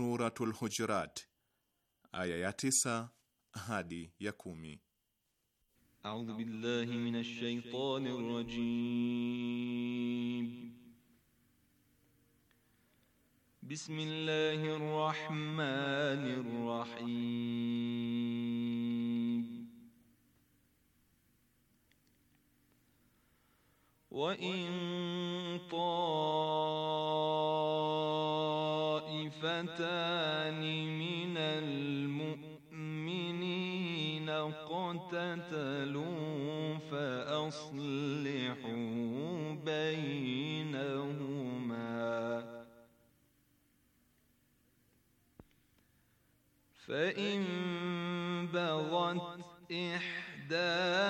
Suratul Hujurat aya ya tisa hadi ya kumi. A'udhu billahi minash shaitani rajim. Bismillahir rahmanir rahim. Wa in اقتتلوا فأصلحوا بينهما فإن بغت إحداهما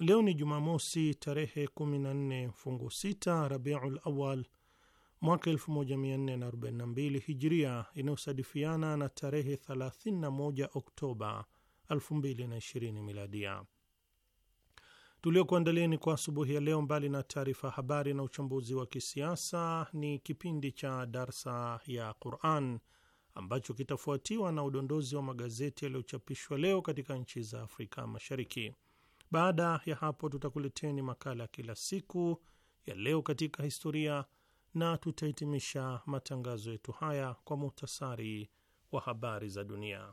Leo ni Jumamosi tarehe 14 fungu 6 Rabiul Awal mwaka 1442 Hijria, inayosadifiana na tarehe 31 Oktoba 2020 Miladia. Tuliokuandalieni kwa asubuhi ya leo, mbali na taarifa habari na uchambuzi wa kisiasa, ni kipindi cha darsa ya Quran ambacho kitafuatiwa na udondozi wa magazeti yaliyochapishwa leo katika nchi za Afrika Mashariki. Baada ya hapo, tutakuleteni makala ya kila siku ya leo katika historia, na tutahitimisha matangazo yetu haya kwa muhtasari wa habari za dunia.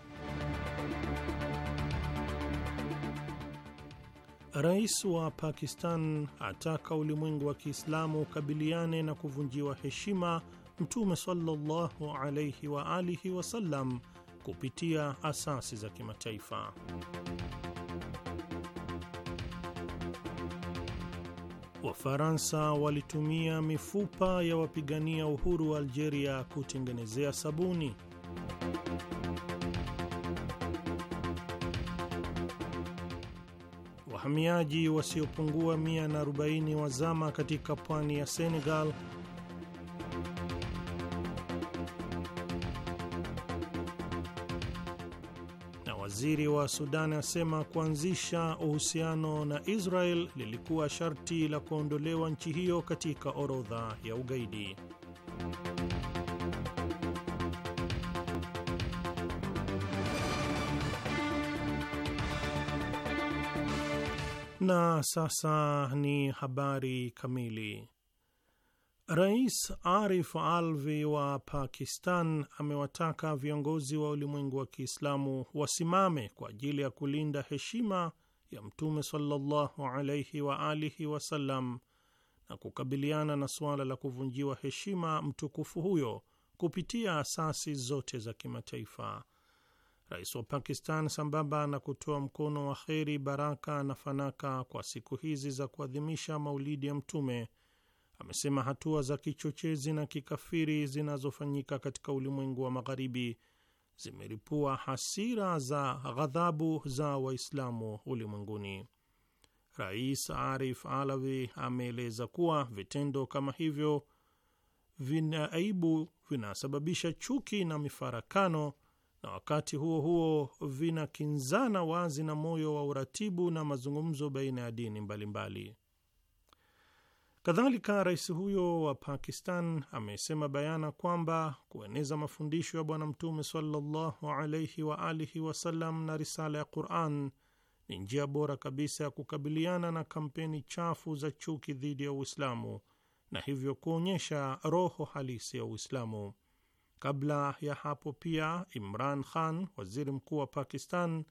Rais wa Pakistan ataka ulimwengu wa Kiislamu ukabiliane na kuvunjiwa heshima Mtume sallallahu alaihi wa alihi wasallam kupitia asasi za kimataifa. Wafaransa walitumia mifupa ya wapigania uhuru wa Algeria kutengenezea sabuni. Wahamiaji wasiopungua 140 wazama katika pwani ya Senegal. Na waziri wa Sudan asema kuanzisha uhusiano na Israel lilikuwa sharti la kuondolewa nchi hiyo katika orodha ya ugaidi. Na sasa ni habari kamili. Rais Arif Alvi wa Pakistan amewataka viongozi wa ulimwengu wa Kiislamu wasimame kwa ajili ya kulinda heshima ya Mtume sallallahu alaihi wa alihi wasallam na kukabiliana na suala la kuvunjiwa heshima mtukufu huyo kupitia asasi zote za kimataifa. Rais wa Pakistan, sambamba na kutoa mkono wa kheri, baraka na fanaka kwa siku hizi za kuadhimisha maulidi ya Mtume, amesema hatua za kichochezi na kikafiri zinazofanyika katika ulimwengu wa Magharibi zimeripua hasira za ghadhabu za Waislamu ulimwenguni. Rais Arif Alavi ameeleza kuwa vitendo kama hivyo vina aibu, vinasababisha chuki na mifarakano na wakati huo huo vinakinzana wazi na moyo wa uratibu na mazungumzo baina ya dini mbalimbali. Kadhalika, rais huyo wa Pakistan amesema bayana kwamba kueneza mafundisho ya Bwana Mtume sallallahu alaihi wa alihi wasallam na risala ya Quran ni njia bora kabisa ya kukabiliana na kampeni chafu za chuki dhidi ya Uislamu na hivyo kuonyesha roho halisi ya Uislamu. Kabla ya hapo pia, Imran Khan, waziri mkuu wa Pakistan,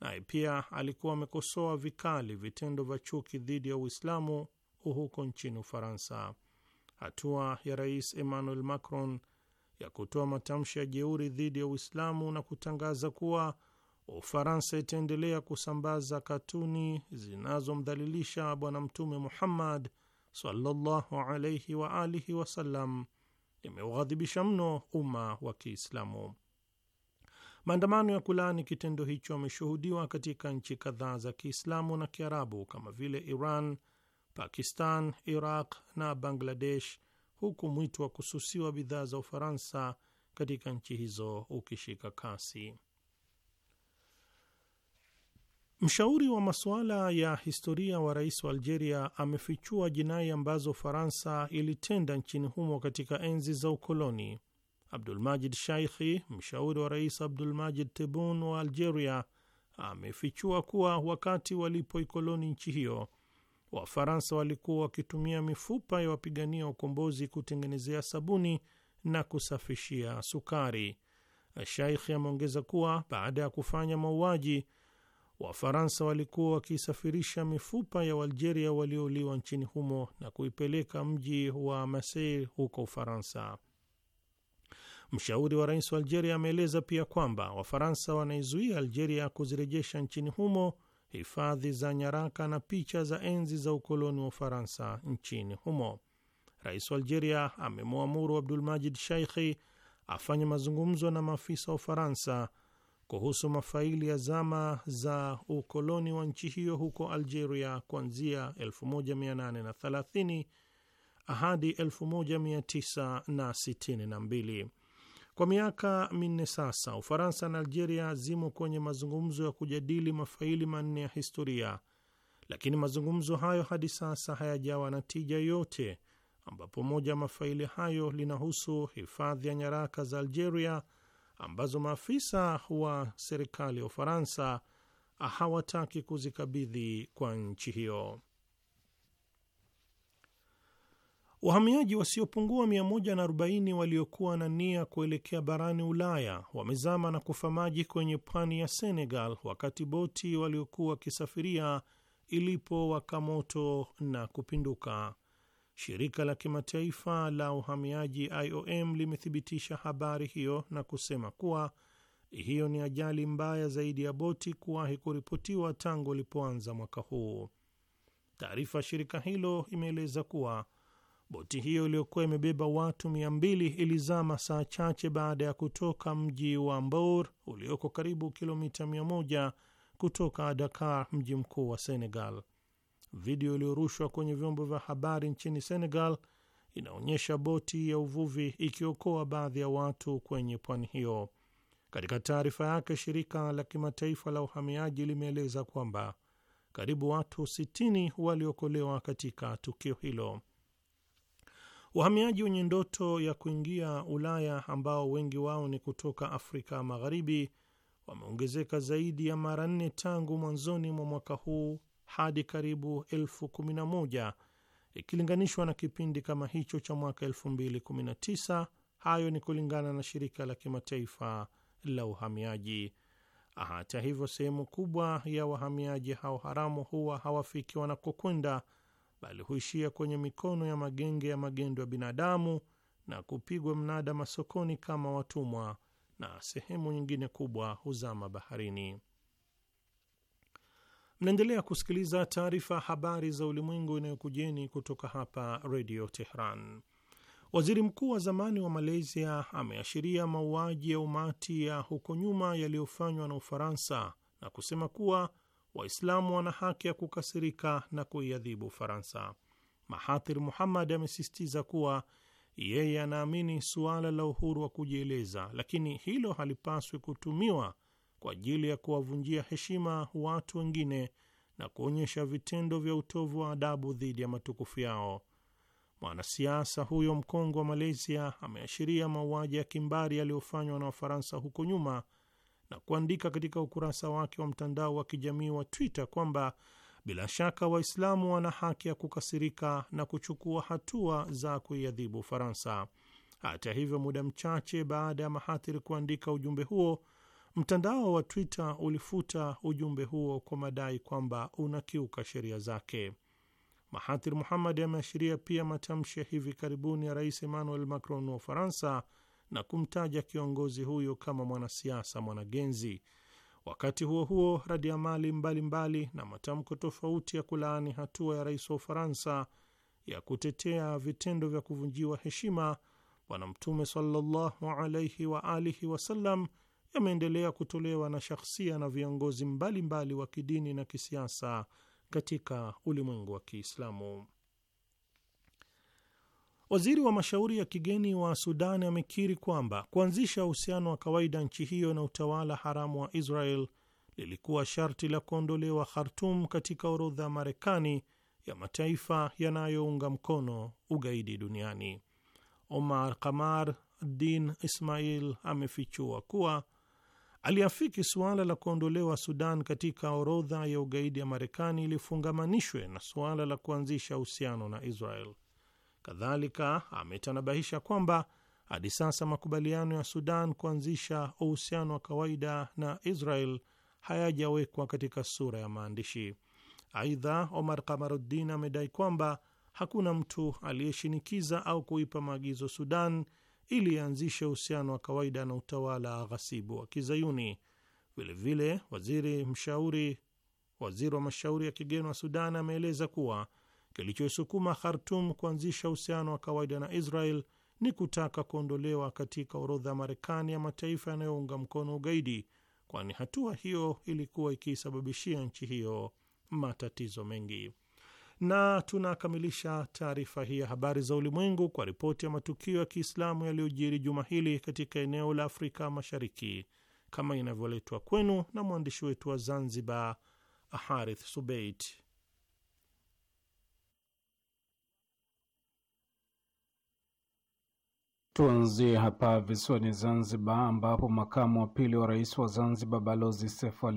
naye pia alikuwa amekosoa vikali vitendo vya chuki dhidi ya Uislamu huko nchini Ufaransa. Hatua ya Rais Emmanuel Macron ya kutoa matamshi ya jeuri dhidi ya Uislamu na kutangaza kuwa Ufaransa itaendelea kusambaza katuni zinazomdhalilisha Bwana Mtume Muhammad sallallahu alaihi wa alihi wasallam limeughadhibisha mno umma wa Kiislamu. Maandamano ya kulaani kitendo hicho yameshuhudiwa katika nchi kadhaa za Kiislamu na Kiarabu kama vile Iran, Pakistan, Iraq na Bangladesh, huku mwito wa kususiwa bidhaa za Ufaransa katika nchi hizo ukishika kasi. Mshauri wa masuala ya historia wa rais wa Algeria amefichua jinai ambazo faransa ilitenda nchini humo katika enzi za ukoloni. Abdulmajid Shaikhi, mshauri wa rais Abdulmajid tebun wa Algeria, amefichua kuwa wakati walipoikoloni nchi hiyo, Wafaransa walikuwa wakitumia mifupa ya wapigania ukombozi kutengenezea sabuni na kusafishia sukari. Shaikhi ameongeza kuwa baada ya kufanya mauaji Wafaransa walikuwa wakisafirisha mifupa ya Waalgeria waliouliwa nchini humo na kuipeleka mji wa Marseille huko Ufaransa. Mshauri wa rais wa Algeria ameeleza pia kwamba Wafaransa wanaizuia Algeria kuzirejesha nchini humo hifadhi za nyaraka na picha za enzi za ukoloni wa Ufaransa nchini humo. Rais wa Algeria amemwamuru Abdulmajid Shaikhi afanye mazungumzo na maafisa wa Ufaransa kuhusu mafaili ya zama za ukoloni wa nchi hiyo huko Algeria kuanzia 1830 hadi 1962. Kwa miaka minne sasa, Ufaransa na Algeria zimo kwenye mazungumzo ya kujadili mafaili manne ya historia, lakini mazungumzo hayo hadi sasa hayajawa na tija yote, ambapo moja ya mafaili hayo linahusu hifadhi ya nyaraka za Algeria ambazo maafisa wa serikali ya Ufaransa hawataki kuzikabidhi kwa nchi hiyo. Wahamiaji wasiopungua 140 waliokuwa na nia kuelekea barani Ulaya wamezama na kufa maji kwenye pwani ya Senegal wakati boti waliokuwa wakisafiria ilipo waka moto na kupinduka. Shirika la kimataifa la uhamiaji IOM limethibitisha habari hiyo na kusema kuwa hiyo ni ajali mbaya zaidi ya boti kuwahi kuripotiwa tangu ulipoanza mwaka huu. Taarifa ya shirika hilo imeeleza kuwa boti hiyo iliyokuwa imebeba watu mia mbili ilizama saa chache baada ya kutoka mji wa Mbour ulioko karibu kilomita mia moja kutoka Dakar, mji mkuu wa Senegal. Video iliyorushwa kwenye vyombo vya habari nchini Senegal inaonyesha boti ya uvuvi ikiokoa baadhi ya watu kwenye pwani hiyo. Katika taarifa yake, shirika la kimataifa la uhamiaji limeeleza kwamba karibu watu 60 waliokolewa katika tukio hilo. Wahamiaji wenye ndoto ya kuingia Ulaya ambao wengi wao ni kutoka Afrika Magharibi wameongezeka zaidi ya mara nne tangu mwanzoni mwa mwaka huu hadi karibu elfu kumi na moja ikilinganishwa na kipindi kama hicho cha mwaka tisa. Hayo ni kulingana na shirika la kimataifa la uhamiaji. Hata hivyo, sehemu kubwa ya wahamiaji hao haramu huwa hawafiki wanakokwenda, bali huishia kwenye mikono ya magenge ya magendo ya binadamu na kupigwa mnada masokoni kama watumwa, na sehemu nyingine kubwa huzama baharini. Mnaendelea kusikiliza taarifa habari za ulimwengu inayokujeni kutoka hapa redio Tehran. Waziri mkuu wa zamani wa Malaysia ameashiria mauaji ya umati ya huko nyuma yaliyofanywa na Ufaransa na kusema kuwa Waislamu wana haki ya kukasirika na kuiadhibu Ufaransa. Mahathir Muhammad amesisitiza kuwa yeye anaamini suala la uhuru wa kujieleza, lakini hilo halipaswi kutumiwa kwa ajili ya kuwavunjia heshima watu wengine na kuonyesha vitendo vya utovu wa adabu dhidi ya matukufu yao. Mwanasiasa huyo mkongwe wa Malaysia ameashiria mauaji ya kimbari yaliyofanywa na Wafaransa huko nyuma na kuandika katika ukurasa wake wa mtandao wa kijamii wa Twitter kwamba bila shaka Waislamu wana haki ya kukasirika na kuchukua hatua za kuiadhibu Ufaransa. Hata hivyo, muda mchache baada ya mahathiri kuandika ujumbe huo, Mtandao wa Twitter ulifuta ujumbe huo kwa madai kwamba unakiuka sheria zake. Mahathir Muhammad ameashiria pia matamshi ya hivi karibuni ya Rais Emmanuel Macron wa Ufaransa na kumtaja kiongozi huyo kama mwanasiasa mwanagenzi. Wakati huo huo, radiamali mbalimbali na matamko tofauti ya kulaani hatua ya rais wa Ufaransa ya kutetea vitendo vya kuvunjiwa heshima Bwana Mtume sallallahu alaihi wa alihi wasallam yameendelea kutolewa na shakhsia na viongozi mbalimbali wa kidini na kisiasa katika ulimwengu wa Kiislamu. Waziri wa mashauri ya kigeni wa Sudan amekiri kwamba kuanzisha uhusiano wa kawaida nchi hiyo na utawala haramu wa Israel lilikuwa sharti la kuondolewa Khartum katika orodha ya Marekani ya mataifa yanayounga mkono ugaidi duniani. Omar Kamar Din Ismail amefichua kuwa aliafiki suala la kuondolewa Sudan katika orodha ya ugaidi ya Marekani ilifungamanishwe na suala la kuanzisha uhusiano na Israel. Kadhalika ametanabahisha kwamba hadi sasa makubaliano ya Sudan kuanzisha uhusiano wa kawaida na Israel hayajawekwa katika sura ya maandishi. Aidha, Omar Kamaruddin amedai kwamba hakuna mtu aliyeshinikiza au kuipa maagizo Sudan ili ianzishe uhusiano wa kawaida na utawala ghasibu wa Kizayuni. Vilevile vile, waziri mshauri waziri wa mashauri ya kigeni wa Sudan ameeleza kuwa kilichosukuma Khartum kuanzisha uhusiano wa kawaida na Israel ni kutaka kuondolewa katika orodha ya Marekani ya mataifa yanayounga mkono ugaidi, kwani hatua hiyo ilikuwa ikiisababishia nchi hiyo matatizo mengi na tunakamilisha taarifa hii ya habari za ulimwengu kwa ripoti ya matukio ya Kiislamu yaliyojiri juma hili katika eneo la Afrika Mashariki kama inavyoletwa kwenu na mwandishi wetu wa Zanzibar, Harith Subeit. Tuanzie hapa visiwani Zanzibar, ambapo makamu wa pili wa rais wa Zanzibar Balozi Sefu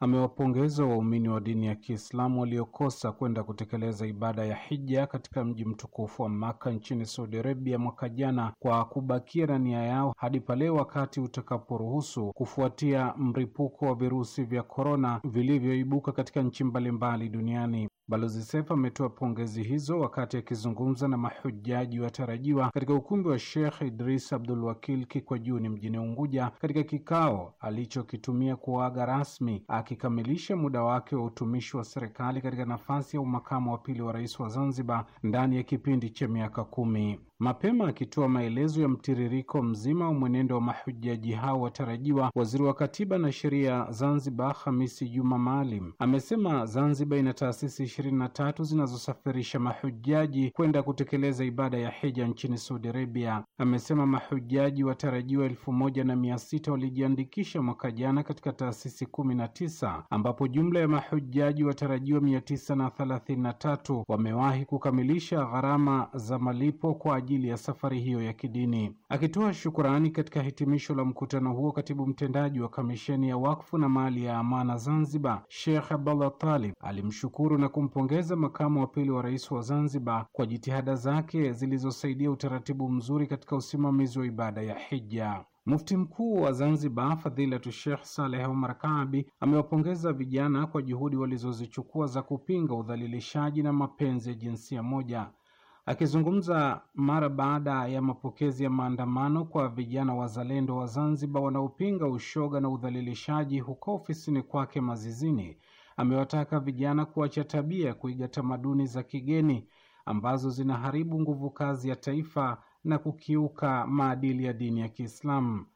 amewapongeza waumini wa dini ya Kiislamu waliokosa kwenda kutekeleza ibada ya hija katika mji mtukufu wa Maka nchini Saudi Arabia mwaka jana kwa kubakia na nia yao hadi pale wakati utakaporuhusu, kufuatia mripuko wa virusi vya korona vilivyoibuka katika nchi mbalimbali duniani. Balozi Seif ametoa pongezi hizo wakati akizungumza na mahujaji watarajiwa katika ukumbi wa Sheikh Idris Abdul Wakil Kikwajuni mjini Unguja, katika kikao alichokitumia kuaga rasmi akikamilisha muda wake wa utumishi wa serikali katika nafasi ya umakamu wa pili wa rais wa Zanzibar ndani ya kipindi cha miaka kumi. Mapema akitoa maelezo ya mtiririko mzima wa mwenendo wa mahujaji hao watarajiwa, waziri wa katiba na sheria Zanzibar Hamisi Juma Maalim amesema Zanzibar ina taasisi ishirini na tatu zinazosafirisha mahujaji kwenda kutekeleza ibada ya hija nchini Saudi Arabia. Amesema mahujaji watarajiwa elfu moja na mia sita walijiandikisha mwaka jana katika taasisi kumi na tisa ambapo jumla ya mahujaji watarajiwa mia tisa na thelathini na tatu wamewahi kukamilisha gharama za malipo kwa ajili ya safari hiyo ya kidini. Akitoa shukurani katika hitimisho la mkutano huo, katibu mtendaji wa kamisheni ya wakfu na mali ya amana Zanzibar, Sheikh Abdallah Talib alimshukuru na kumpongeza makamu wa pili wa rais wa Zanzibar kwa jitihada zake zilizosaidia utaratibu mzuri katika usimamizi wa ibada ya hija. Mufti mkuu wa Zanzibar Fadhilatu Sheikh Saleh Omar Kaabi amewapongeza vijana kwa juhudi walizozichukua za kupinga udhalilishaji na mapenzi ya jinsia moja Akizungumza mara baada ya mapokezi ya maandamano kwa vijana wazalendo wa Zanzibar wanaopinga ushoga na udhalilishaji huko ofisini kwake Mazizini, amewataka vijana kuacha tabia ya kuiga tamaduni za kigeni ambazo zinaharibu nguvu kazi ya taifa na kukiuka maadili ya dini ya Kiislamu.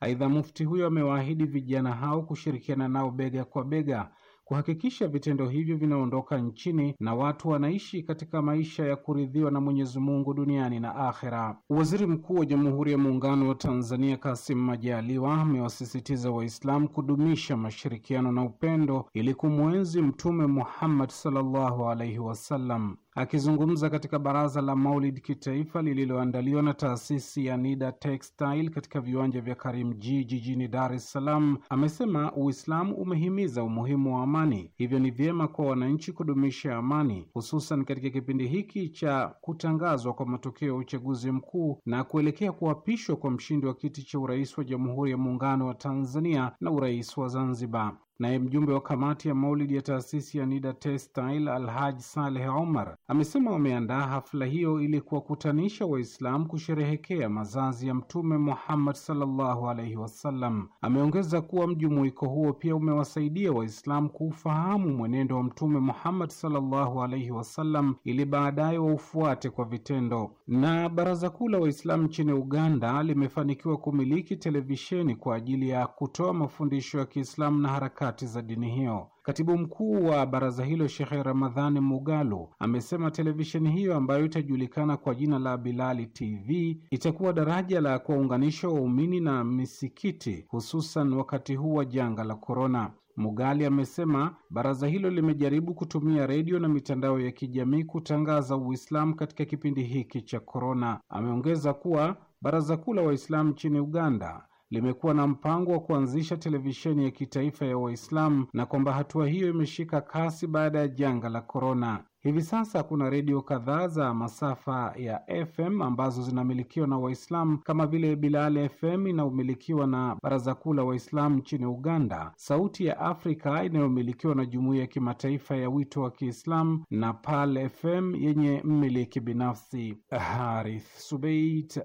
Aidha, mufti huyo amewaahidi vijana hao kushirikiana nao bega kwa bega kuhakikisha vitendo hivyo vinaondoka nchini na watu wanaishi katika maisha ya kuridhiwa na Mwenyezi Mungu duniani na akhera. Waziri Mkuu wa Jamhuri ya Muungano wa Tanzania Kassim Majaliwa amewasisitiza Waislamu kudumisha mashirikiano na upendo ili kumwenzi Mtume Muhammad sallallahu alaihi wasallam. Akizungumza katika baraza la Maulid kitaifa lililoandaliwa na taasisi ya Nida Textile katika viwanja vya Karimjee jijini Dar es Salaam, amesema Uislamu umehimiza umuhimu wa amani, hivyo ni vyema kwa wananchi kudumisha amani, hususan katika kipindi hiki cha kutangazwa kwa matokeo ya uchaguzi mkuu na kuelekea kuapishwa kwa mshindi wa kiti cha urais wa Jamhuri ya Muungano wa Tanzania na urais wa Zanzibar. Naye mjumbe wa kamati ya maulidi ya taasisi ya Nida Textile Alhaj Saleh Omar amesema wameandaa hafla hiyo ili kuwakutanisha Waislamu kusherehekea mazazi ya Mtume Muhammad sallallahu alaihi wasallam. Ameongeza kuwa mjumuiko huo pia umewasaidia Waislamu kuufahamu mwenendo wa Mtume Muhammad sallallahu alaihi wasallam ili baadaye waufuate kwa vitendo. Na Baraza Kuu la Waislamu nchini Uganda limefanikiwa kumiliki televisheni kwa ajili ya kutoa mafundisho ya Kiislamu na harakati harakati za dini hiyo. Katibu mkuu wa baraza hilo Shekhe Ramadhani Mugalu amesema televisheni hiyo ambayo itajulikana kwa jina la Bilali TV itakuwa daraja la kuwaunganisha waumini na misikiti, hususan wakati huu wa janga la korona. Mugali amesema baraza hilo limejaribu kutumia redio na mitandao ya kijamii kutangaza Uislamu katika kipindi hiki cha korona. Ameongeza kuwa baraza kuu la Waislamu nchini Uganda limekuwa na mpango wa kuanzisha televisheni ya kitaifa ya Waislamu na kwamba hatua hiyo imeshika kasi baada ya janga la korona. Hivi sasa kuna redio kadhaa za masafa ya FM ambazo zinamilikiwa na Waislamu kama vile Bilal FM inayomilikiwa na Baraza Kuu la Waislamu nchini Uganda, Sauti ya Afrika inayomilikiwa na Jumuiya ya Kimataifa ya Wito wa Kiislamu na Pal FM yenye mmiliki binafsi. Harith Subeit,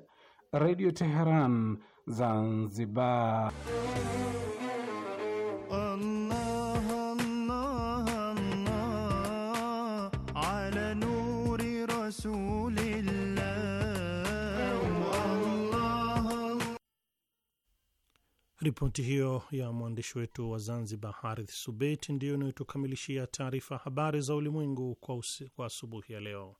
Radio Teheran. Zanzibar. Ripoti hiyo ya mwandishi wetu wa Zanzibar, Harith Subeit, ndiyo inayotukamilishia taarifa habari za ulimwengu kwa asubuhi ya leo.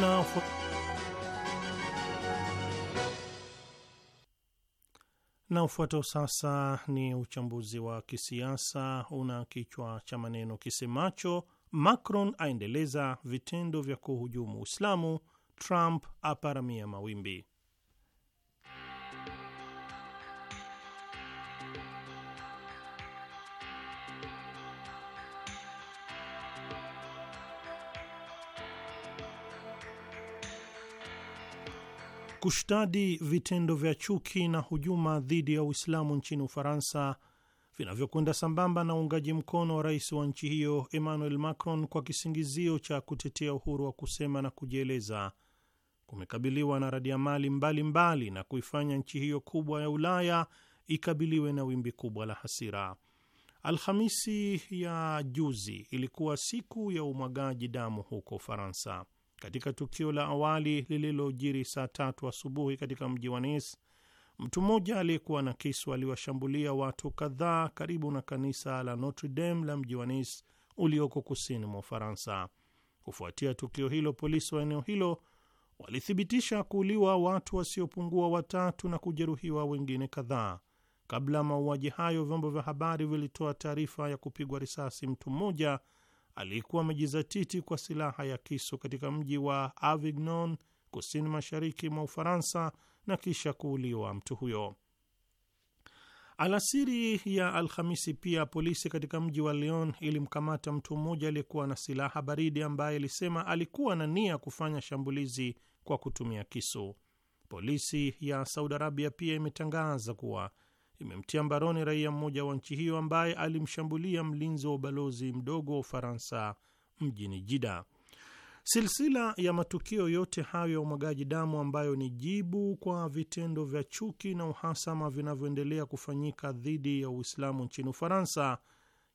Nafu... na ufuatao sasa ni uchambuzi wa kisiasa una kichwa cha maneno kisemacho Macron aendeleza vitendo vya kuhujumu Uislamu, Trump aparamia mawimbi. kushtadi vitendo vya chuki na hujuma dhidi ya Uislamu nchini Ufaransa vinavyokwenda sambamba na uungaji mkono wa rais wa nchi hiyo Emmanuel Macron kwa kisingizio cha kutetea uhuru wa kusema na kujieleza kumekabiliwa na radiamali mbalimbali na kuifanya nchi hiyo kubwa ya Ulaya ikabiliwe na wimbi kubwa la hasira. Alhamisi ya juzi ilikuwa siku ya umwagaji damu huko Ufaransa. Katika tukio la awali lililojiri saa tatu asubuhi katika mji wa Nice, mtu mmoja aliyekuwa na kisu aliwashambulia watu kadhaa karibu na kanisa la Notre Dame la mji wa Nice ulioko kusini mwa Ufaransa. Kufuatia tukio hilo, polisi wa eneo hilo walithibitisha kuuliwa watu wasiopungua watatu na kujeruhiwa wengine kadhaa. Kabla ya mauaji hayo, vyombo vya habari vilitoa taarifa ya kupigwa risasi mtu mmoja alikuwa amejizatiti kwa silaha ya kisu katika mji wa Avignon kusini mashariki mwa Ufaransa na kisha kuuliwa mtu huyo. Alasiri ya Alhamisi pia polisi katika mji wa Lyon ilimkamata mtu mmoja aliyekuwa na silaha baridi ambaye alisema alikuwa na nia kufanya shambulizi kwa kutumia kisu. Polisi ya Saudi Arabia pia imetangaza kuwa imemtia mbaroni raia mmoja wa nchi hiyo ambaye alimshambulia mlinzi wa ubalozi mdogo wa Ufaransa mjini Jida. Silsila ya matukio yote hayo ya umwagaji damu ambayo ni jibu kwa vitendo vya chuki na uhasama vinavyoendelea kufanyika dhidi ya Uislamu nchini Ufaransa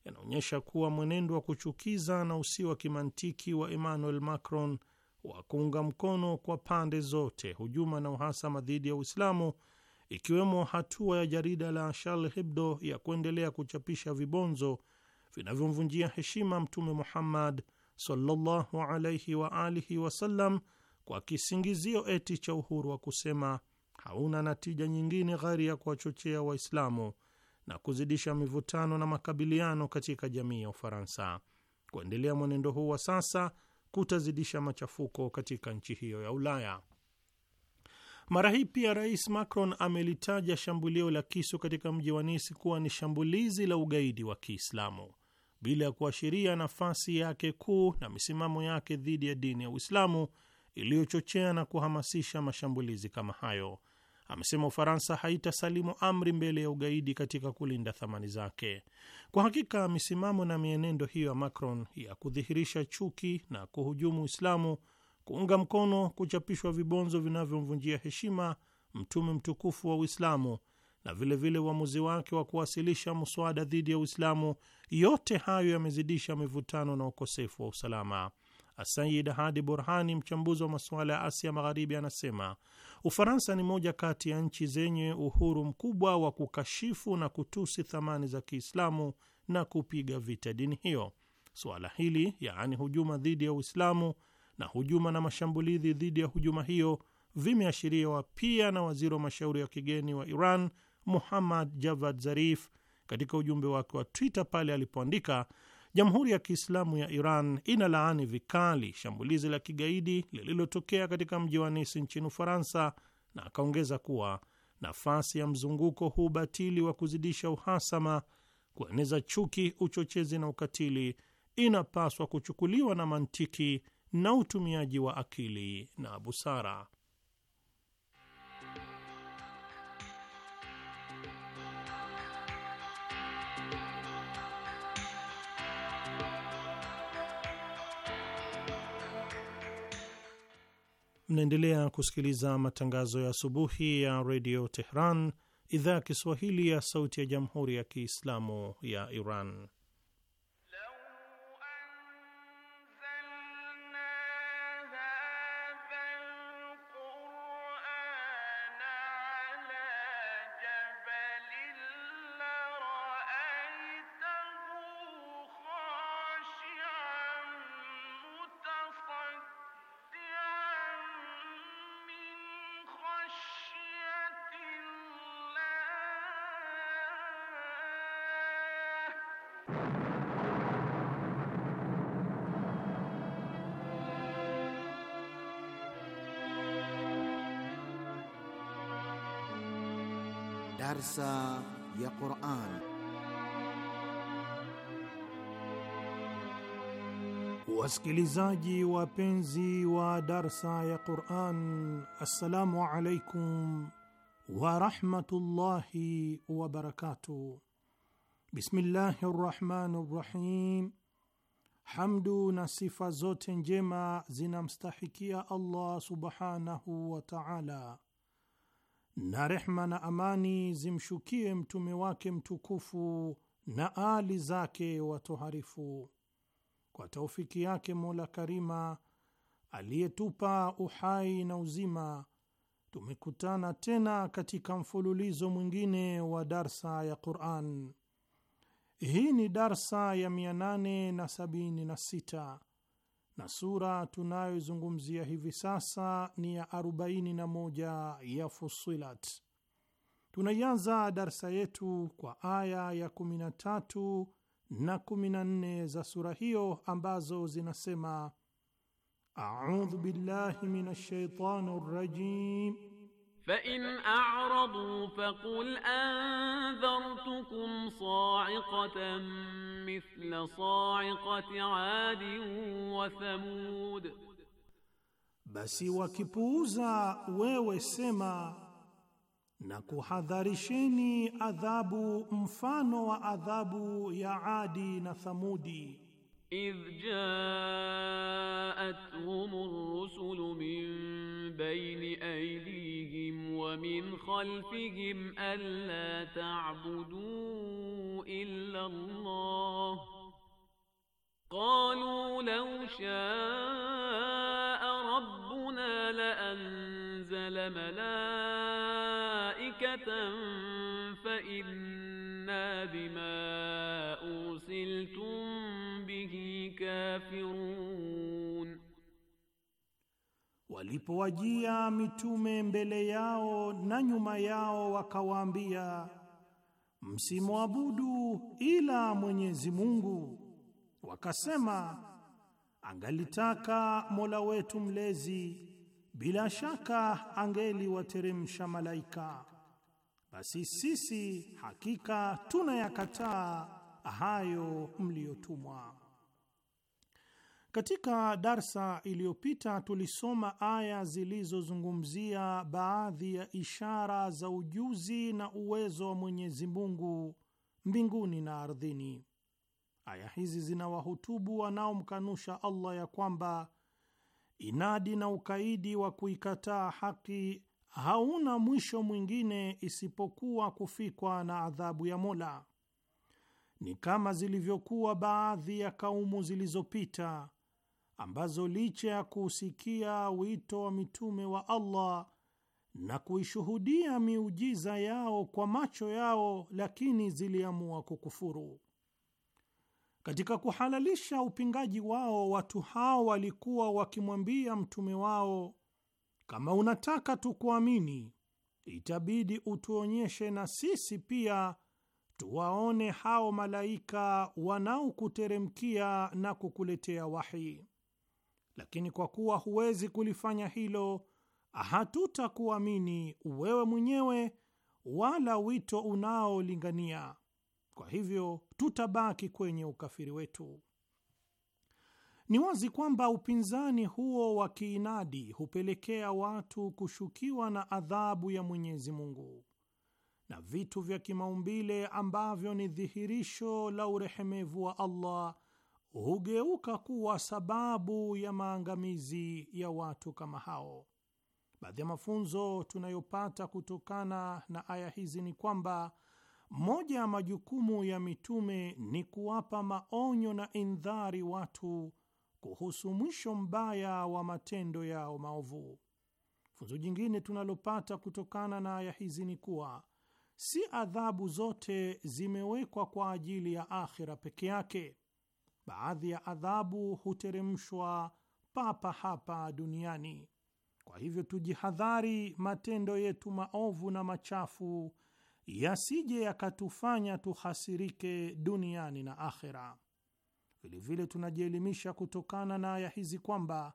yanaonyesha kuwa mwenendo wa kuchukiza na usio wa kimantiki wa Emmanuel Macron wa kuunga mkono kwa pande zote hujuma na uhasama dhidi ya Uislamu ikiwemo hatua ya jarida la sharl Hebdo ya kuendelea kuchapisha vibonzo vinavyomvunjia heshima Mtume Muhammad sallallahu alaihi wa alihi wasallam kwa kisingizio eti cha uhuru wa kusema hauna natija nyingine ghari ya kuwachochea Waislamu na kuzidisha mivutano na makabiliano katika jamii ya Ufaransa. Kuendelea mwenendo huu wa sasa kutazidisha machafuko katika nchi hiyo ya Ulaya. Mara hii pia Rais Macron amelitaja shambulio la kisu katika mji wa Nisi kuwa ni shambulizi la ugaidi wa Kiislamu bila ya kuashiria nafasi yake kuu na misimamo yake dhidi ya dini ya Uislamu iliyochochea na kuhamasisha mashambulizi kama hayo. Amesema Ufaransa haitasalimu amri mbele ya ugaidi katika kulinda thamani zake. Kwa hakika misimamo na mienendo hiyo ya Macron ya kudhihirisha chuki na kuhujumu Uislamu kuunga mkono kuchapishwa vibonzo vinavyomvunjia heshima mtume mtukufu wa Uislamu na vilevile uamuzi vile wake wa kuwasilisha mswada dhidi ya Uislamu. Yote hayo yamezidisha mivutano na ukosefu wa usalama. Asayid Hadi Burhani, mchambuzi wa masuala ya Asia Magharibi, anasema Ufaransa ni moja kati ya nchi zenye uhuru mkubwa wa kukashifu na kutusi thamani za Kiislamu na kupiga vita dini hiyo. Suala hili, yaani hujuma dhidi ya Uislamu, na hujuma na mashambulizi dhidi ya hujuma hiyo vimeashiriwa pia na waziri wa mashauri ya kigeni wa Iran Muhammad Javad Zarif katika ujumbe wake wa Twitter pale alipoandika, Jamhuri ya Kiislamu ya Iran inalaani vikali shambulizi la kigaidi lililotokea katika mji wa Nisi nchini Ufaransa, na akaongeza kuwa nafasi ya mzunguko huu batili wa kuzidisha uhasama, kueneza chuki, uchochezi na ukatili inapaswa kuchukuliwa na mantiki na utumiaji wa akili na busara. Mnaendelea kusikiliza matangazo ya asubuhi ya redio Tehran, idhaa ya Kiswahili ya sauti ya jamhuri ya Kiislamu ya Iran. darsa ya Qur'an. Wasikilizaji wapenzi wa darsa ya Qur'an, assalamu alaikum warahmatullahi wabarakatuh wa barakatuh. Rahim. Hamdu na sifa zote njema zinamstahikia Allah subhanahu wa ta'ala na rehma na amani zimshukie mtume wake mtukufu na ali zake watoharifu. Kwa taufiki yake Mola Karima aliyetupa uhai na uzima, tumekutana tena katika mfululizo mwingine wa darsa ya Quran. Hii ni darsa ya 876 na sura tunayozungumzia hivi sasa ni ya 41 ya Fusilat. Tunaianza darsa yetu kwa aya ya 13 na 14 za sura hiyo ambazo zinasema: audhu billahi minash shaitani rajim فإن أعرضوا فقل أنذرتكم صاعقة مثل صاعقة عاد وثمود Basi wakipuuza wewe sema, na kuhadharisheni adhabu mfano wa adhabu ya Adi na Thamudi. إذ جاءتهم الرسل من بين أيديهم ومن خلفهم ألا تعبدوا إلا الله قالوا لو شاء ربنا لأنزل ملائكة فإنا بما أرسلتم kafirun. Walipowajia mitume mbele yao na nyuma yao, wakawaambia msimwabudu ila Mwenyezi Mungu, wakasema angalitaka Mola wetu mlezi bila shaka angeliwateremsha malaika. Basi sisi hakika tunayakataa hayo mliyotumwa. Katika darsa iliyopita tulisoma aya zilizozungumzia baadhi ya ishara za ujuzi na uwezo wa Mwenyezi Mungu mbinguni na ardhini. Aya hizi zinawahutubu wanaomkanusha Allah ya kwamba inadi na ukaidi wa kuikataa haki hauna mwisho mwingine isipokuwa kufikwa na adhabu ya Mola. Ni kama zilivyokuwa baadhi ya kaumu zilizopita ambazo licha ya kuusikia wito wa mitume wa Allah na kuishuhudia miujiza yao kwa macho yao, lakini ziliamua kukufuru. Katika kuhalalisha upingaji wao, watu hao walikuwa wakimwambia mtume wao, kama unataka tukuamini, itabidi utuonyeshe na sisi pia tuwaone hao malaika wanaokuteremkia na kukuletea wahi lakini kwa kuwa huwezi kulifanya hilo, hatutakuamini wewe mwenyewe wala wito unaolingania. Kwa hivyo tutabaki kwenye ukafiri wetu. Ni wazi kwamba upinzani huo wa kiinadi hupelekea watu kushukiwa na adhabu ya Mwenyezi Mungu, na vitu vya kimaumbile ambavyo ni dhihirisho la urehemevu wa Allah hugeuka kuwa sababu ya maangamizi ya watu kama hao. Baadhi ya mafunzo tunayopata kutokana na aya hizi ni kwamba moja ya majukumu ya mitume ni kuwapa maonyo na indhari watu kuhusu mwisho mbaya wa matendo yao maovu. Funzo jingine tunalopata kutokana na aya hizi ni kuwa si adhabu zote zimewekwa kwa ajili ya akhira peke yake, baadhi ya adhabu huteremshwa papa hapa duniani. Kwa hivyo tujihadhari, matendo yetu maovu na machafu yasije yakatufanya tuhasirike duniani na akhera. Vilevile tunajielimisha kutokana na aya hizi kwamba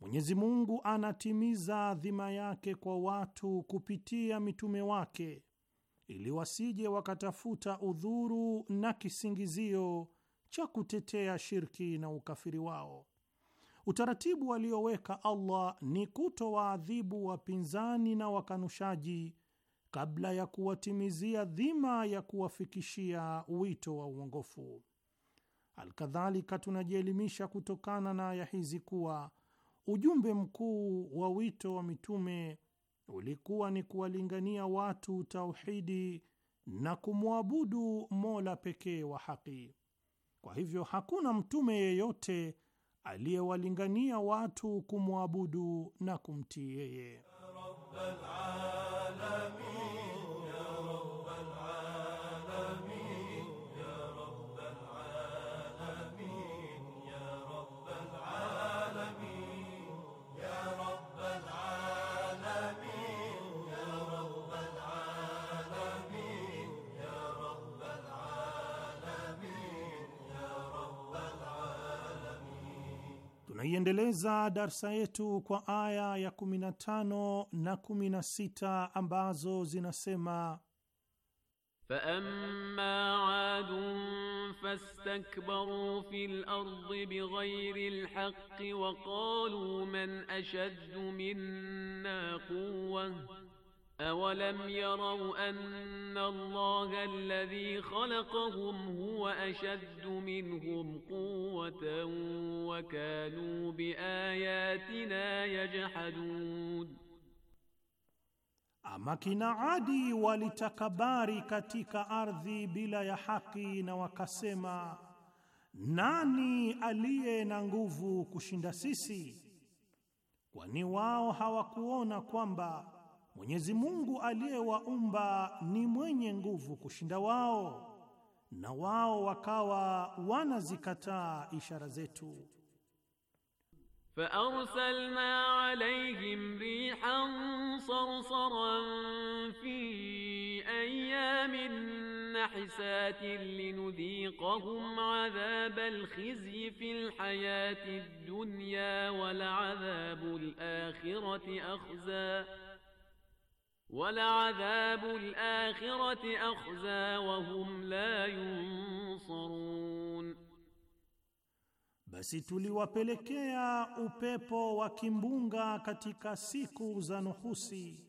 Mwenyezi Mungu anatimiza dhima yake kwa watu kupitia mitume wake ili wasije wakatafuta udhuru na kisingizio cha kutetea shirki na ukafiri wao. Utaratibu walioweka Allah ni kutowaadhibu wapinzani na wakanushaji kabla ya kuwatimizia dhima ya kuwafikishia wito wa uongofu. Alkadhalika, tunajielimisha kutokana na aya hizi kuwa ujumbe mkuu wa wito wa mitume ulikuwa ni kuwalingania watu tauhidi na kumwabudu Mola pekee wa haki. Kwa hivyo hakuna mtume yeyote aliyewalingania watu kumwabudu na kumtii yeye. Tunaiendeleza darsa yetu kwa aya ya 15 na 16 ambazo zinasema: faamma adun fastakbaru fil ardi bighayri lhaqi wa qalu man ashaddu minna quwwa أولم يروا أن الله الذي خلقهم هو أشد منهم قوة وكانوا بآياتنا يجحدون Ama kina Adi walitakabari katika ardhi bila ya haki na wakasema, nani aliye na nguvu kushinda sisi? Kwani wao hawakuona kwamba Mwenyezi Mungu aliyewaumba ni mwenye nguvu kushinda wao, na wao wakawa wanazikataa ishara zetu. Faarsalna alayhim rihan sarsaran fi ayamin nahisatin linudhiqahum adhabal khizyi fil hayati dunya wal adhabul akhirati akhza Walaadhabu al-akhirati akhza wa hum basi tuliwapelekea upepo wa kimbunga katika siku za nuhusi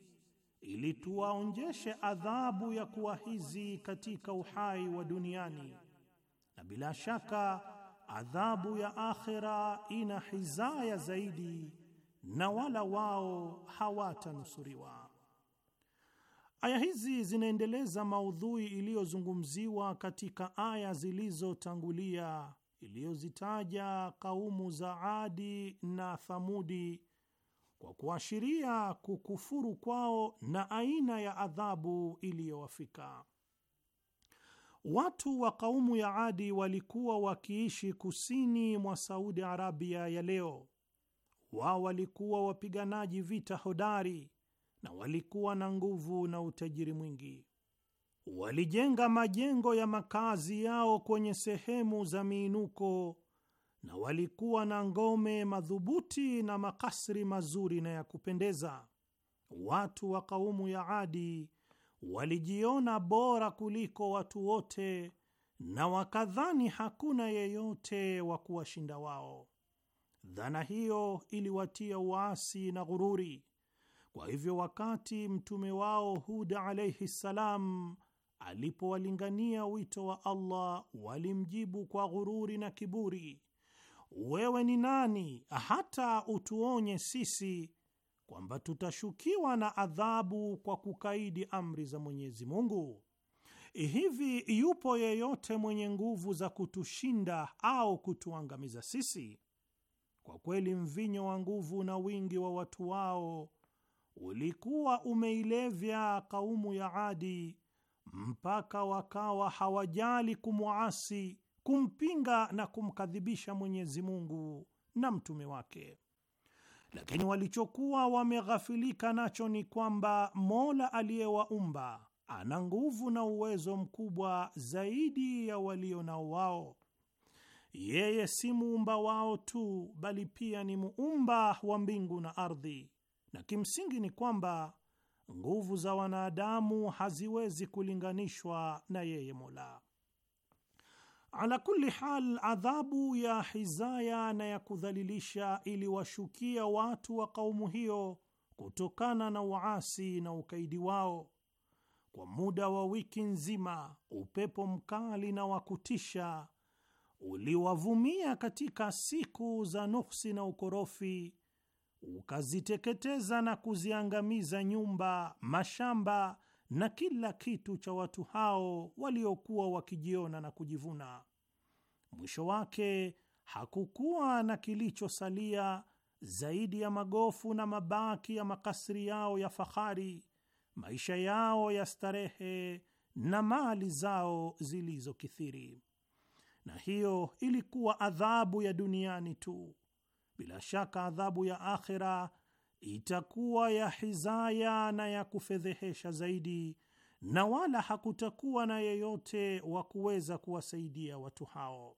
ili tuwaonjeshe adhabu ya kuwahizi katika uhai wa duniani, na bila shaka adhabu ya akhira ina hizaya zaidi, na wala wao hawatanusuriwa. Aya hizi zinaendeleza maudhui iliyozungumziwa katika aya zilizotangulia iliyozitaja kaumu za Adi na Thamudi kwa kuashiria kukufuru kwao na aina ya adhabu iliyowafika. Watu wa kaumu ya Adi walikuwa wakiishi kusini mwa Saudi Arabia ya leo. Wao walikuwa wapiganaji vita hodari na walikuwa na nguvu na utajiri mwingi. Walijenga majengo ya makazi yao kwenye sehemu za miinuko na walikuwa na ngome madhubuti na makasri mazuri na ya kupendeza. Watu wa kaumu ya Adi walijiona bora kuliko watu wote na wakadhani hakuna yeyote wa kuwashinda wao. Dhana hiyo iliwatia uasi na ghururi kwa hivyo wakati mtume wao Huda alaihi ssalam alipowalingania wito wa Allah walimjibu kwa ghururi na kiburi, wewe ni nani hata utuonye sisi kwamba tutashukiwa na adhabu kwa kukaidi amri za Mwenyezi Mungu? Hivi yupo yeyote mwenye nguvu za kutushinda au kutuangamiza sisi? Kwa kweli mvinyo wa nguvu na wingi wa watu wao ulikuwa umeilevya kaumu ya Adi mpaka wakawa hawajali kumwasi, kumpinga na kumkadhibisha Mwenyezi Mungu na mtume wake. Lakini walichokuwa wameghafilika nacho ni kwamba Mola aliyewaumba ana nguvu na uwezo mkubwa zaidi ya walio nao wao. Yeye si muumba wao tu, bali pia ni muumba wa mbingu na ardhi na kimsingi ni kwamba nguvu za wanadamu haziwezi kulinganishwa na yeye Mola. Ala kulli hal, adhabu ya hizaya na ya kudhalilisha iliwashukia watu wa kaumu hiyo kutokana na uasi na ukaidi wao. Kwa muda wa wiki nzima, upepo mkali na wa kutisha uliwavumia katika siku za nuksi na ukorofi ukaziteketeza na kuziangamiza nyumba, mashamba na kila kitu cha watu hao waliokuwa wakijiona na kujivuna. Mwisho wake hakukuwa na kilichosalia zaidi ya magofu na mabaki ya makasri yao ya fahari, maisha yao ya starehe na mali zao zilizokithiri. Na hiyo ilikuwa adhabu ya duniani tu, bila shaka adhabu ya akhira itakuwa ya hizaya na ya kufedhehesha zaidi, na wala hakutakuwa na yeyote wa kuweza kuwasaidia watu hao.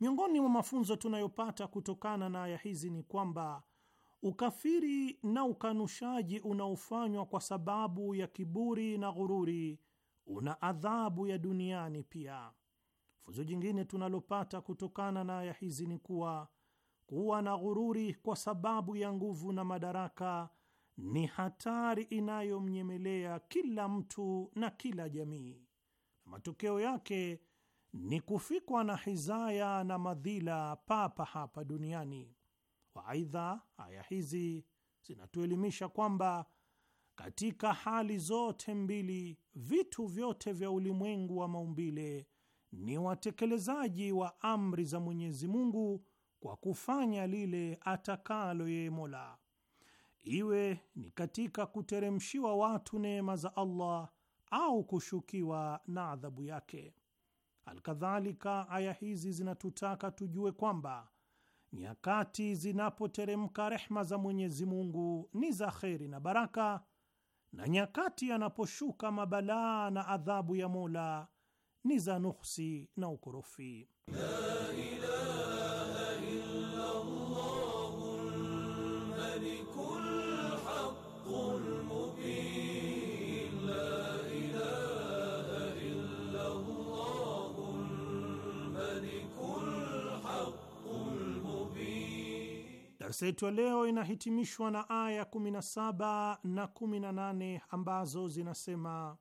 Miongoni mwa mafunzo tunayopata kutokana na aya hizi ni kwamba ukafiri na ukanushaji unaofanywa kwa sababu ya kiburi na ghururi una adhabu ya duniani pia. Funzo jingine tunalopata kutokana na aya hizi ni kuwa kuwa na ghururi kwa sababu ya nguvu na madaraka ni hatari inayomnyemelea kila mtu na kila jamii, na matokeo yake ni kufikwa na hizaya na madhila papa hapa duniani. Waaidha, aya hizi zinatuelimisha kwamba katika hali zote mbili, vitu vyote vya ulimwengu wa maumbile ni watekelezaji wa amri za Mwenyezi Mungu kwa kufanya lile atakalo yeye Mola, iwe ni katika kuteremshiwa watu neema za Allah au kushukiwa na adhabu yake. Alkadhalika, aya hizi zinatutaka tujue kwamba nyakati zinapoteremka rehma za Mwenyezi Mungu ni za kheri na baraka, na nyakati anaposhuka mabalaa na adhabu ya Mola ni za nuksi na ukorofi La ilaha Darsa yetu ya leo inahitimishwa na aya 17 na 18 ambazo zinasema: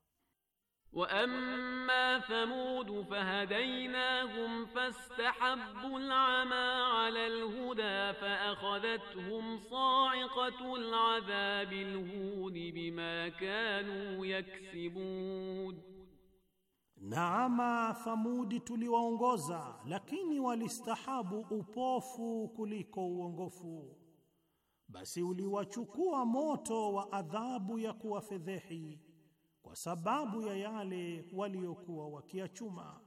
wa amma thamud fahadainahum fastahabbu al'ama 'ala al-huda faakhadhathum sa'iqatu al-'adhabi al-hun bima kanu yaksibun naama Thamudi tuliwaongoza, lakini walistahabu upofu kuliko uongofu, basi uliwachukua moto wa adhabu ya kuwafedhehi kwa sababu ya yale waliokuwa wakiachuma.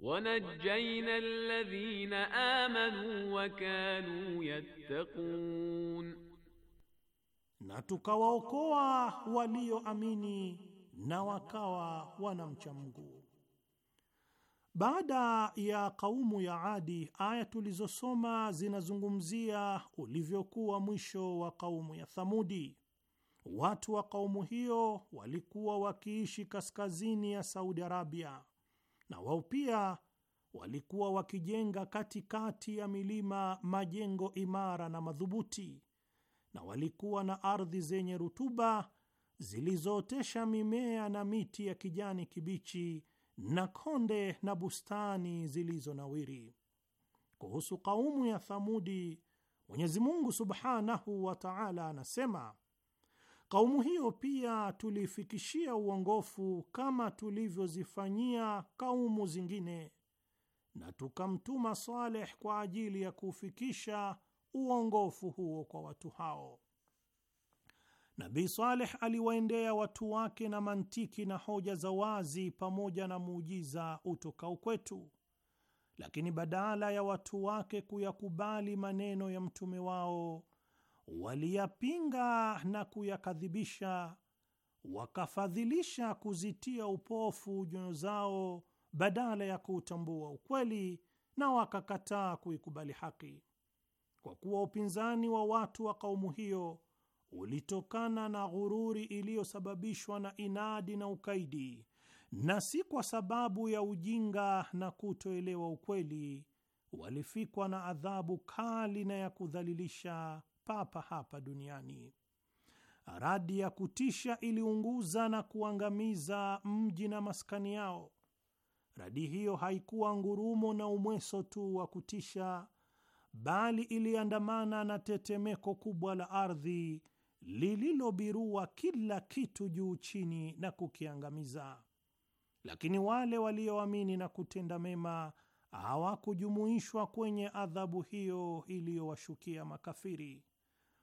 Wanajaina alladhina amanu wa kanu yattaqun, na tukawaokoa walioamini na wakawa wanamcha Mungu. Baada ya kaumu ya Adi, aya tulizosoma zinazungumzia ulivyokuwa mwisho wa kaumu ya Thamudi. Watu wa kaumu hiyo walikuwa wakiishi kaskazini ya Saudi Arabia, na wao pia walikuwa wakijenga katikati ya milima majengo imara na madhubuti, na walikuwa na ardhi zenye rutuba zilizootesha mimea na miti ya kijani kibichi na konde na bustani zilizonawiri. Kuhusu kaumu ya Thamudi, Mwenyezi Mungu subhanahu wa taala anasema, kaumu hiyo pia tuliifikishia uongofu kama tulivyozifanyia kaumu zingine, na tukamtuma Saleh kwa ajili ya kuufikisha uongofu huo kwa watu hao. Nabii Saleh aliwaendea watu wake na mantiki na hoja za wazi pamoja na muujiza utokao kwetu, lakini badala ya watu wake kuyakubali maneno ya mtume wao waliyapinga na kuyakadhibisha, wakafadhilisha kuzitia upofu nyoyo zao badala ya kuutambua ukweli, na wakakataa kuikubali haki. Kwa kuwa upinzani wa watu wa kaumu hiyo ulitokana na ghururi iliyosababishwa na inadi na ukaidi, na si kwa sababu ya ujinga na kutoelewa ukweli. Walifikwa na adhabu kali na ya kudhalilisha papa hapa duniani. Radi ya kutisha iliunguza na kuangamiza mji na maskani yao. Radi hiyo haikuwa ngurumo na umweso tu wa kutisha, bali iliandamana na tetemeko kubwa la ardhi lililobirua kila kitu juu chini na kukiangamiza. Lakini wale walioamini na kutenda mema hawakujumuishwa kwenye adhabu hiyo iliyowashukia makafiri.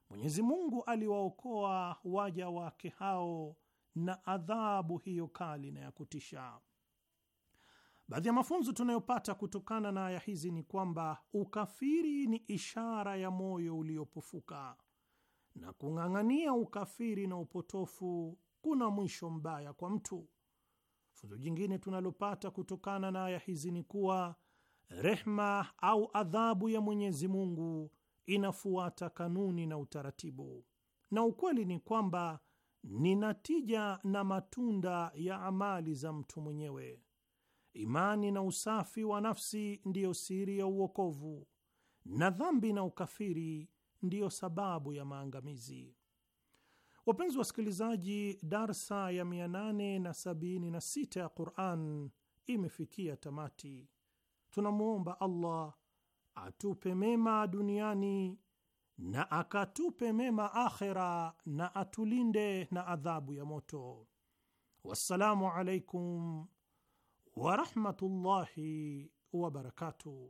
Mwenyezi Mungu aliwaokoa waja wake hao na adhabu hiyo kali na ya kutisha. Baadhi ya mafunzo tunayopata kutokana na aya hizi ni kwamba ukafiri ni ishara ya moyo uliopofuka na kung'ang'ania ukafiri na upotofu kuna mwisho mbaya kwa mtu. Funzo jingine tunalopata kutokana na aya hizi ni kuwa rehma au adhabu ya Mwenyezi Mungu inafuata kanuni na utaratibu, na ukweli ni kwamba ni natija na matunda ya amali za mtu mwenyewe. Imani na usafi wa nafsi ndiyo siri ya uokovu, na dhambi na ukafiri ndiyo sababu ya maangamizi. Wapenzi wasikilizaji, darsa ya 876 ya Quran imefikia tamati. Tunamwomba Allah atupe mema duniani na akatupe mema akhera na atulinde na adhabu ya moto. Wassalamu alaikum warahmatullahi wabarakatuh.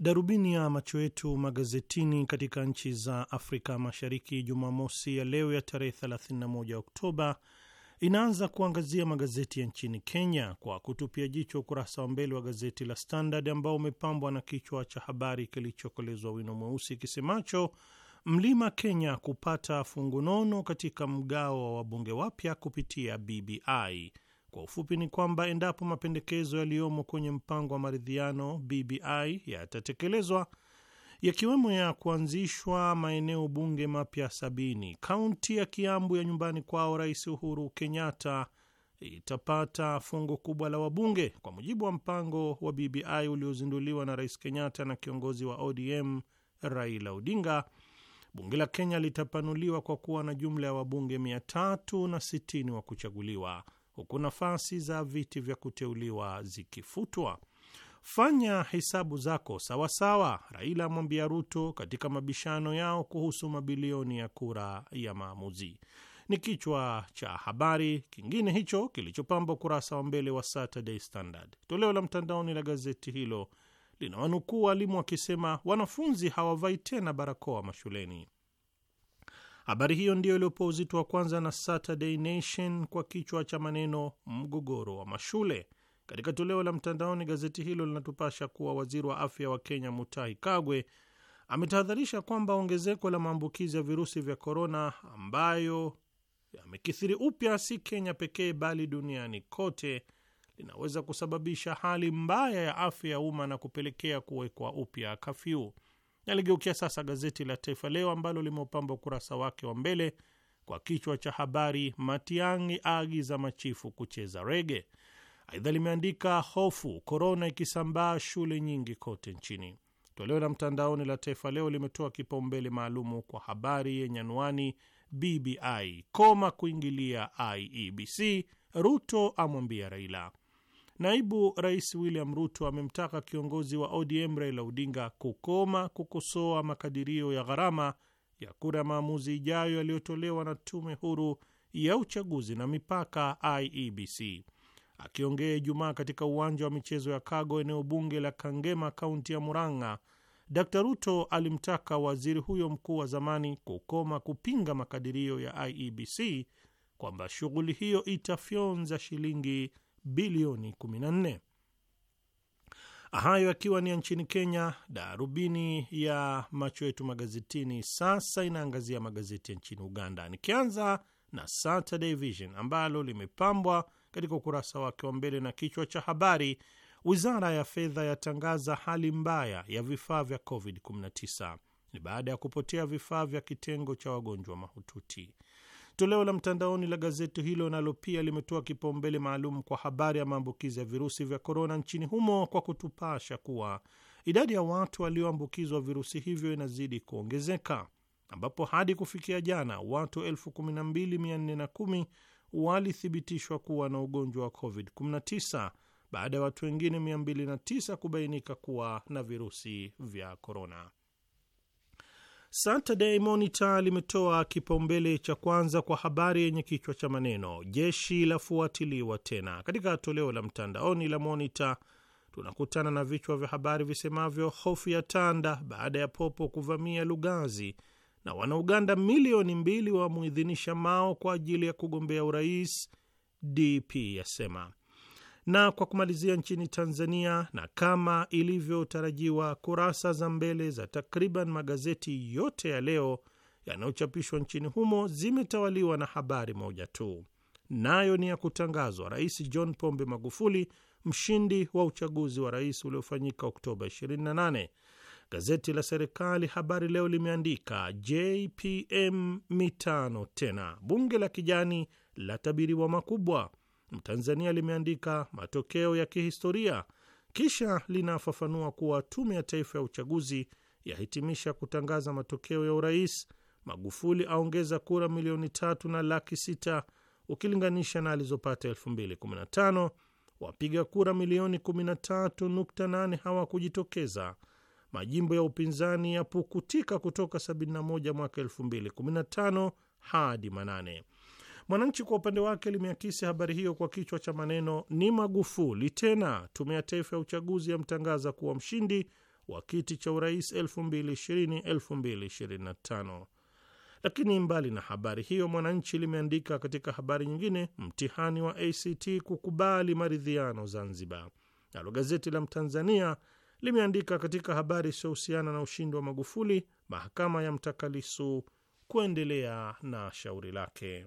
Darubini ya macho yetu magazetini katika nchi za Afrika Mashariki Jumamosi ya leo ya tarehe 31 Oktoba inaanza kuangazia magazeti ya nchini Kenya kwa kutupia jicho ukurasa wa mbele wa gazeti la Standard ambao umepambwa na kichwa cha habari kilichokolezwa wino mweusi kisemacho Mlima Kenya kupata fungunono katika mgao wa wabunge wapya kupitia BBI. Kwa ufupi ni kwamba endapo mapendekezo yaliyomo kwenye mpango wa maridhiano BBI yatatekelezwa, yakiwemo ya kuanzishwa maeneo bunge mapya sabini, kaunti ya Kiambu ya nyumbani kwao Rais Uhuru Kenyatta itapata fungu kubwa la wabunge kwa mujibu wa mpango wa BBI uliozinduliwa na Rais Kenyatta na kiongozi wa ODM Raila Odinga. Bunge la Kenya litapanuliwa kwa kuwa na jumla ya wabunge mia wa kuchaguliwa huku nafasi za viti vya kuteuliwa zikifutwa. Fanya hesabu zako sawasawa, Raila amwambia Ruto katika mabishano yao kuhusu mabilioni ya kura ya maamuzi ni kichwa cha habari kingine hicho kilichopamba ukurasa wa mbele wa Saturday Standard. Toleo la mtandaoni la gazeti hilo linawanukuu walimu wakisema wanafunzi hawavai tena barakoa mashuleni. Habari hiyo ndiyo iliyopewa uzito wa kwanza na Saturday Nation kwa kichwa cha maneno mgogoro wa mashule. Katika toleo la mtandaoni, gazeti hilo linatupasha kuwa waziri wa afya wa Kenya Mutahi Kagwe ametahadharisha kwamba ongezeko la maambukizi ya virusi vya korona ambayo yamekithiri upya si Kenya pekee bali duniani kote linaweza kusababisha hali mbaya ya afya ya umma na kupelekea kuwekwa upya kafyu. Naligeukia sasa gazeti la Taifa Leo ambalo limeupamba ukurasa wake wa mbele kwa kichwa cha habari, Matiang'i aagiza machifu kucheza rege. Aidha limeandika hofu korona ikisambaa shule nyingi kote nchini. Toleo la mtandaoni la Taifa Leo limetoa kipaumbele maalumu kwa habari yenye anwani BBI koma kuingilia IEBC, Ruto amwambia Raila. Naibu Rais William Ruto amemtaka kiongozi wa ODM Raila Odinga kukoma kukosoa makadirio ya gharama ya kura ya maamuzi ijayo yaliyotolewa na tume huru ya uchaguzi na mipaka IEBC. Akiongea Ijumaa katika uwanja wa michezo ya Kago, eneo bunge la Kangema, kaunti ya Murang'a, Dr Ruto alimtaka waziri huyo mkuu wa zamani kukoma kupinga makadirio ya IEBC kwamba shughuli hiyo itafyonza shilingi bilioni 14. Hayo akiwa ni ya nchini Kenya. Darubini ya macho yetu magazetini sasa inaangazia magazeti ya nchini Uganda, nikianza na Saturday Vision ambalo limepambwa katika ukurasa wake wa mbele na kichwa cha habari, wizara ya fedha yatangaza hali mbaya ya vifaa vya COVID-19 ni baada ya kupotea vifaa vya kitengo cha wagonjwa mahututi. Toleo la mtandaoni la gazeti hilo nalo pia limetoa kipaumbele maalum kwa habari ya maambukizi ya virusi vya korona nchini humo kwa kutupasha kuwa idadi ya watu walioambukizwa virusi hivyo inazidi kuongezeka, ambapo hadi kufikia jana watu 12410 walithibitishwa kuwa na ugonjwa wa COVID-19 baada ya watu wengine 209 kubainika kuwa na virusi vya korona. Saturday Monitor limetoa kipaumbele cha kwanza kwa habari yenye kichwa cha maneno jeshi lafuatiliwa tena. Katika toleo la mtandaoni la Monitor tunakutana na vichwa vya habari visemavyo hofu ya tanda baada ya popo kuvamia Lugazi na Wanauganda milioni mbili wamwidhinisha Mao kwa ajili ya kugombea urais, DP yasema. Na kwa kumalizia, nchini Tanzania, na kama ilivyotarajiwa, kurasa za mbele za takriban magazeti yote ya leo yanayochapishwa nchini humo zimetawaliwa na habari moja tu, nayo ni ya kutangazwa Rais John Pombe Magufuli mshindi wa uchaguzi wa rais uliofanyika Oktoba 28. Gazeti la serikali Habari Leo limeandika JPM mitano tena, bunge la kijani la tabiriwa makubwa, Mtanzania limeandika matokeo ya kihistoria, kisha linafafanua kuwa Tume ya Taifa ya Uchaguzi yahitimisha kutangaza matokeo ya urais. Magufuli aongeza kura milioni tatu na laki sita ukilinganisha na alizopata 2015. Wapiga kura milioni 13.8 hawakujitokeza. Majimbo ya upinzani yapukutika kutoka 71 mwaka 2015 hadi manane. Mwananchi kwa upande wake limeakisi habari hiyo kwa kichwa cha maneno, ni Magufuli tena, tume ya taifa ya uchaguzi yamtangaza kuwa mshindi wa kiti cha urais 2020-2025. Lakini mbali na habari hiyo, Mwananchi limeandika katika habari nyingine, mtihani wa ACT kukubali maridhiano Zanzibar. Nalo gazeti la Mtanzania limeandika katika habari isiyohusiana na ushindi wa Magufuli, mahakama ya mtakalisu kuendelea na shauri lake.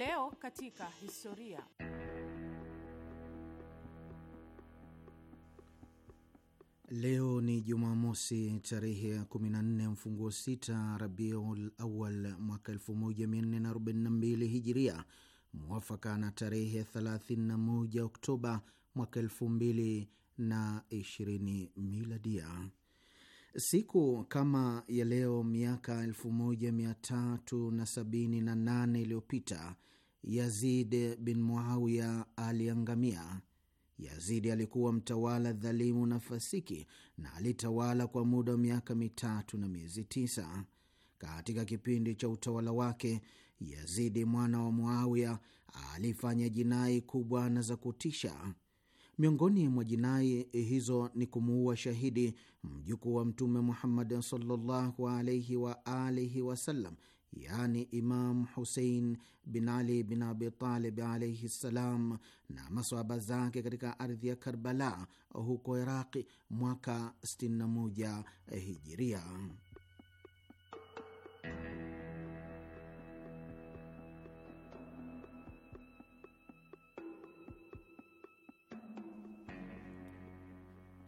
Leo katika historia. Leo ni Jumamosi tarehe ya 14 mfunguo 6 Rabiul Awal mwaka 1442 Hijiria, mwafaka na tarehe 31 Oktoba mwaka 2020 Miladia. Siku kama ya leo miaka 1378 iliyopita Yazid bin Muawiya aliangamia. Yazidi alikuwa mtawala dhalimu na fasiki na alitawala kwa muda wa miaka mitatu na miezi tisa. Katika kipindi cha utawala wake, Yazidi mwana wa Muawiya alifanya jinai kubwa na za kutisha. Miongoni mwa jinai hizo ni kumuua shahidi mjukuu wa Mtume Muhammad sallallahu alaihi wa alihi wasallam, yaani Imam Husein bin Ali bin Abitalib alaihi ssalam, na maswaba zake katika ardhi ya Karbala huko Iraqi mwaka 61 Hijiria.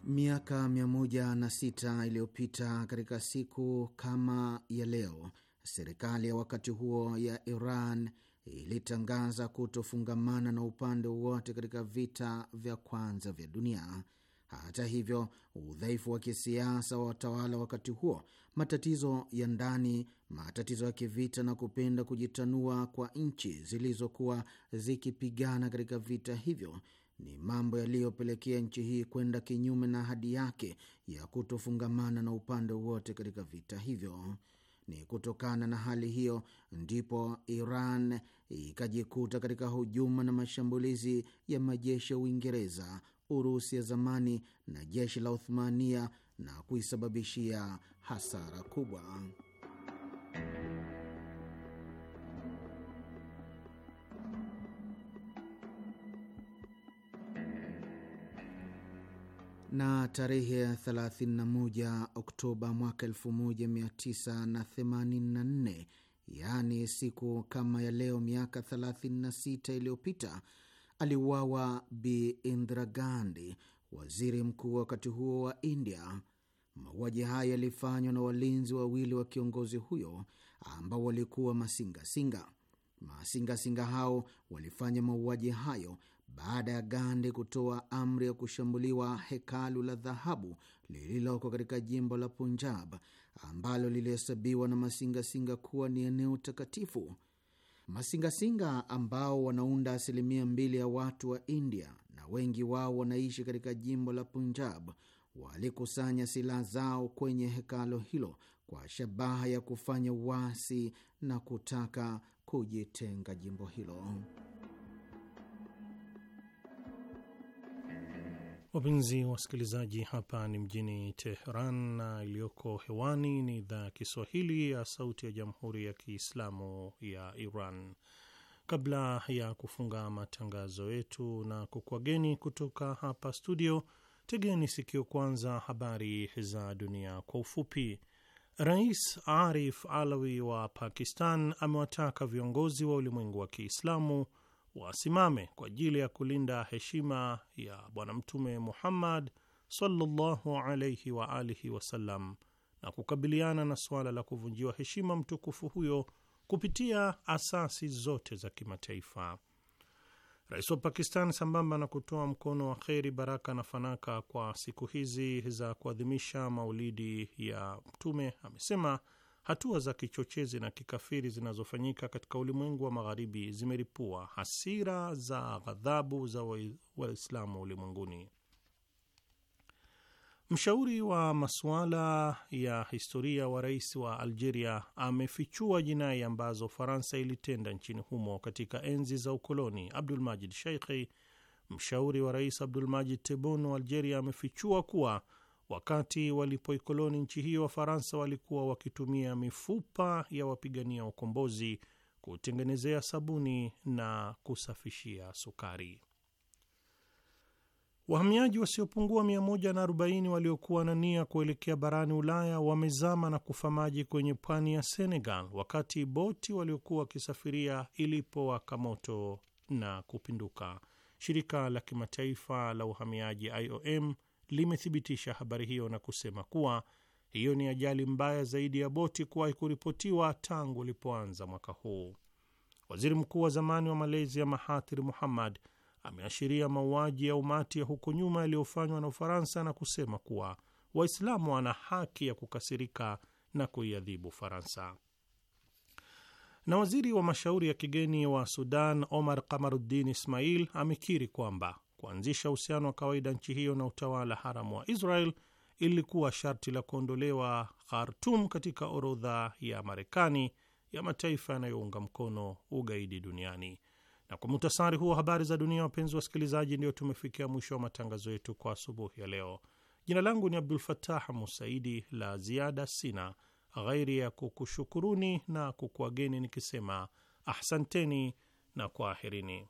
Miaka 16 iliyopita katika siku kama ya leo Serikali ya wakati huo ya Iran ilitangaza kutofungamana na upande wowote katika vita vya kwanza vya dunia. Hata hivyo, udhaifu wa kisiasa wa watawala wakati huo, matatizo ya ndani, matatizo ya kivita na kupenda kujitanua kwa nchi zilizokuwa zikipigana katika vita hivyo ni mambo yaliyopelekea nchi hii kwenda kinyume na ahadi yake ya kutofungamana na upande wote katika vita hivyo. Ni kutokana na hali hiyo ndipo Iran ikajikuta katika hujuma na mashambulizi ya majeshi ya Uingereza, Urusi ya zamani na jeshi la Uthmania na kuisababishia hasara kubwa. na tarehe 31 Oktoba mwaka 1984, yaani siku kama ya leo miaka 36 iliyopita, aliuawa Bi Indira Gandhi, waziri mkuu wakati huo wa India. Mauaji haya yalifanywa na walinzi wawili wa kiongozi huyo ambao walikuwa masingasinga. Masingasinga hao walifanya mauaji hayo baada ya Gandhi kutoa amri ya kushambuliwa hekalu la dhahabu lililoko katika jimbo la Punjab ambalo lilihesabiwa na masingasinga kuwa ni eneo takatifu. Masingasinga ambao wanaunda asilimia mbili ya watu wa India na wengi wao wanaishi katika jimbo la Punjab walikusanya silaha zao kwenye hekalo hilo kwa shabaha ya kufanya uasi na kutaka kujitenga jimbo hilo. Wapenzi wasikilizaji, hapa ni mjini Teheran na iliyoko hewani ni idhaa ya Kiswahili ya Sauti ya Jamhuri ya Kiislamu ya Iran. Kabla ya kufunga matangazo yetu na kukwageni kutoka hapa studio, tegeni sikio kwanza habari za dunia kwa ufupi. Rais Arif Alawi wa Pakistan amewataka viongozi wa ulimwengu wa Kiislamu wasimame kwa ajili ya kulinda heshima ya Bwana Mtume Muhammad sallallahu alaihi wa alihi wasallam na kukabiliana na suala la kuvunjiwa heshima mtukufu huyo kupitia asasi zote za kimataifa. Rais wa Pakistan, sambamba na kutoa mkono wa kheri, baraka na fanaka kwa siku hizi za kuadhimisha maulidi ya Mtume, amesema Hatua za kichochezi na kikafiri zinazofanyika katika ulimwengu wa Magharibi zimeripua hasira za ghadhabu za Waislamu ulimwenguni. Mshauri wa masuala ya historia wa rais wa Algeria amefichua jinai ambazo Faransa ilitenda nchini humo katika enzi za ukoloni. Abdulmajid Sheikhi, mshauri wa rais Abdulmajid Tebboune wa Algeria, amefichua kuwa Wakati walipoikoloni nchi hiyo, Wafaransa walikuwa wakitumia mifupa ya wapigania ukombozi kutengenezea sabuni na kusafishia sukari. Wahamiaji wasiopungua 140 waliokuwa na nia kuelekea barani Ulaya wamezama na kufa maji kwenye pwani ya Senegal wakati boti waliokuwa wakisafiria ilipowaka moto na kupinduka. Shirika la kimataifa la uhamiaji IOM limethibitisha habari hiyo na kusema kuwa hiyo ni ajali mbaya zaidi ya boti kuwahi kuripotiwa tangu ulipoanza mwaka huu. Waziri mkuu wa zamani wa Malaysia Mahathir Muhammad ameashiria mauaji ya umati ya huko nyuma yaliyofanywa na Ufaransa na kusema kuwa Waislamu wana haki ya kukasirika na kuiadhibu Ufaransa. Na waziri wa mashauri ya kigeni wa Sudan Omar Kamaruddin Ismail amekiri kwamba kuanzisha uhusiano wa kawaida nchi hiyo na utawala haramu wa Israel ilikuwa sharti la kuondolewa Khartum katika orodha ya Marekani ya mataifa yanayounga mkono ugaidi duniani. Na kwa mutasari huo habari za dunia, wapenzi wasikilizaji, ndio tumefikia mwisho wa matangazo yetu kwa asubuhi ya leo. Jina langu ni Abdul fatah Musaidi. La ziada sina ghairi ya kukushukuruni na kukuageni nikisema ahsanteni na kwaherini.